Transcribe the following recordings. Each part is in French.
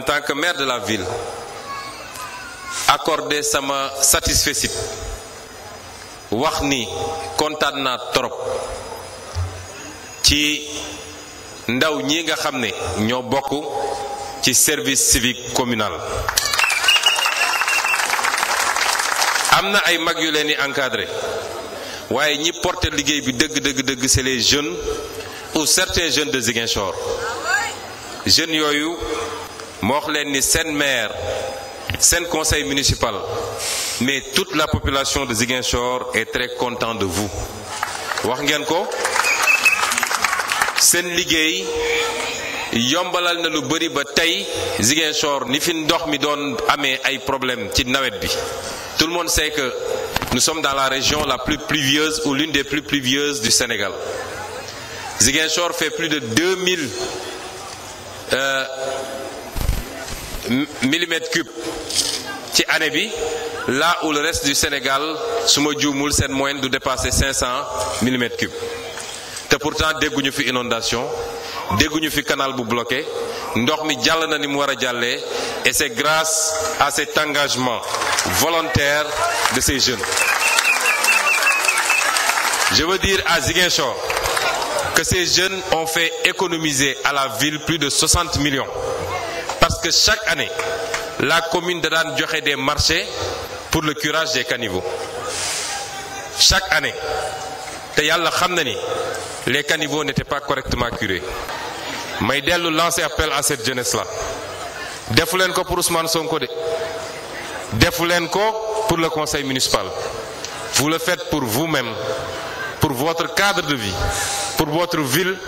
en tant que maire de la ville accordé sa satisfaction. wax ni kontaan trop ci ndaw ñi nga xamné ne ñoo ci service civique communal amna ay mag yu leni di encadré waaye ñi porter liggéey bi deug deug deug c'est les jeunes ou certains jeunes de Ziguinchor jeunes yoyu je wax maire le conseil municipal mais toute la population de Ziguinchor est très contente de vous wax ko sen yombalal na lu batay, Ziguinchor ni mi don ay problèmes tout le monde sait que nous sommes dans la région la plus pluvieuse ou l'une des plus pluvieuses du Sénégal Ziguinchor fait plus de 2000 millimètres cubes. ci année là où le reste du Sénégal suma djumul juumul moyenne du dépasser 500 millimètres cubes. C'est pourtant dégguñu fi inondation dégguñu fi canal bu bloqué ndox mi jall na ni mu à a et c'est grâce à cet engagement volontaire de ces jeunes je veux dire à Ziguinchor que ces jeunes ont fait économiser à la ville plus de 60 millions parce que chaque année, la commune de la joxe des marchés pour le curage des caniveaux chaque année les caniveaux n'étaient pas correctement curés Maïdel lançait appel à cette jeunesse là defu foulenko pour Ousmane Sonko de pour le conseil municipal vous le faites pour vous-même pour votre cadre de vie pour votre ville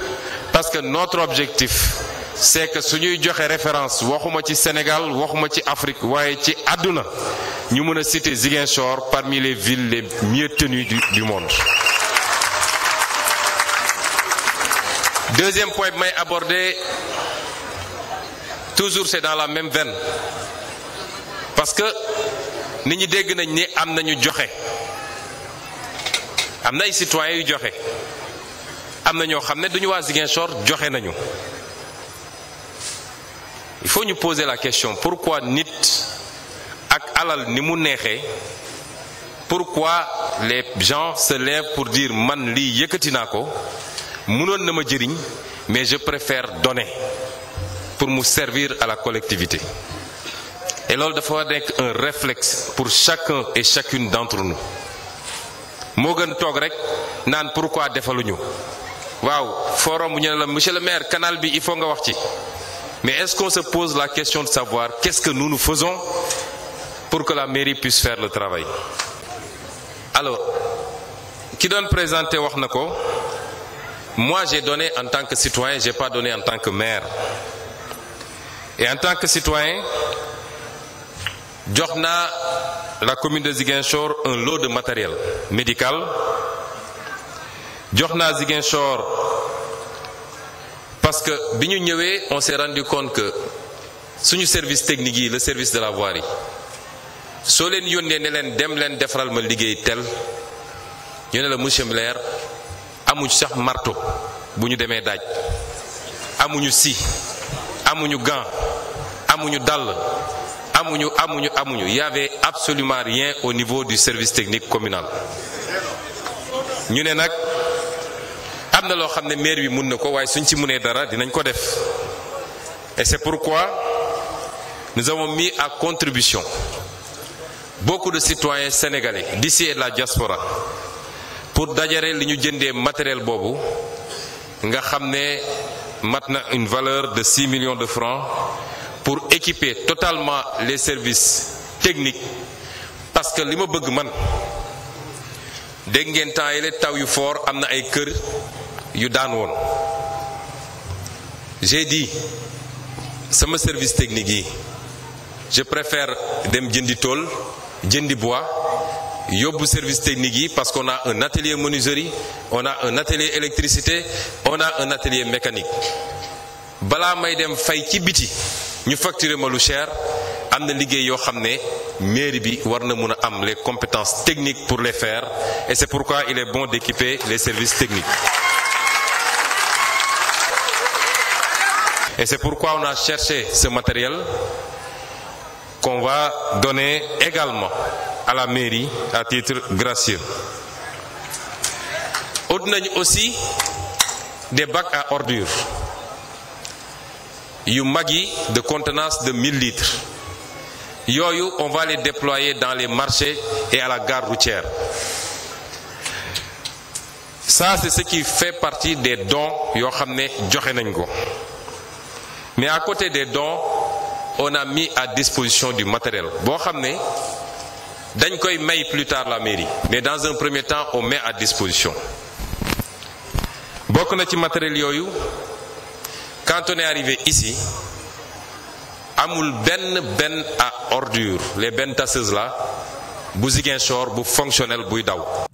parce que notre objectif c'est que suñuy une référence waxuma ci Sénégal waxuma ci Afrique nous ci nous ñu mëna citer Ziguinchor parmi les villes les mieux tenues du, monde deuxième point que abordé, aborder toujours c'est dans la même veine parce que nit ñi dégg nañ ni am nañu joxe nous citoyens yu joxe am nous xamné nous duñu Ziguinchor joxe nañu il faut nous poser la question pourquoi nit ak alal ni pourquoi les gens se lèvent pour dire man li na ma jëriñ mais je préfère donner pour me servir à la collectivité et là, dafa faut un réflexe pour chacun et chacune d'entre nous mo gën tok rek nan pourquoi defaluñu waaw forum bu ñu la monsieur le maire canal bi il faut nga wax ci mais est-ce qu'on se pose la question de savoir qu'est-ce que nous nous faisons pour que la mairie puisse faire le travail Alors, qui donne présenter Wahnako Moi, j'ai donné en tant que citoyen, je n'ai pas donné en tant que maire. Et en tant que citoyen, Djokna, la commune de Ziguinchor, un lot de matériel médical. Djokna Ziguinchor, parce que biñu ñëwé on s'est rendu compte que suñu service technique yi le service de la voirie so leen yonne ne leen dem leen defaral ma liggéey tel ñu ne la monsieur Blair amu sax marteau buñu démé daj amuñu si amuñu gant amuñu dal amuñu amuñu amuñu y avait absolument rien au niveau du service technique communal ñu ne nak et c'est pourquoi nous avons mis à contribution beaucoup de citoyens sénégalais d'ici et de la diaspora pour dajare liñu matériels. matériel bobu nga une valeur de 6 millions de francs pour équiper totalement les services techniques parce que lima bëgg man fort j'ai dit mon service technique je préfère dem jëndi tôle jëndi bois service technique parce qu'on a un atelier menuiserie on a un atelier électricité on a un atelier mécanique Bala may dem fay ci biti ñu facturer ma lu cher amna liguey yo xamné mairie bi les compétences techniques pour les faire et c'est pourquoi il est bon d'équiper les services techniques Et c'est pourquoi on a cherché ce matériel qu'on va donner également à la mairie à titre gracieux. On aussi des bacs à ordures. Yumagi de contenance de 1000 litres. yo, on va les déployer dans les marchés et à la gare routière. Ça, c'est ce qui fait partie des dons Yohamne Jochenengo mais à côté des dons on a mis à disposition du matériel Bon, on d'ailleurs dañ koy plus tard la mairie mais dans un premier temps on met à disposition bokk na ci matériel quand on est arrivé ici amul benn benn à ordure les belles tasseuses là bu Ziguinchor bu fonctionnel buy daw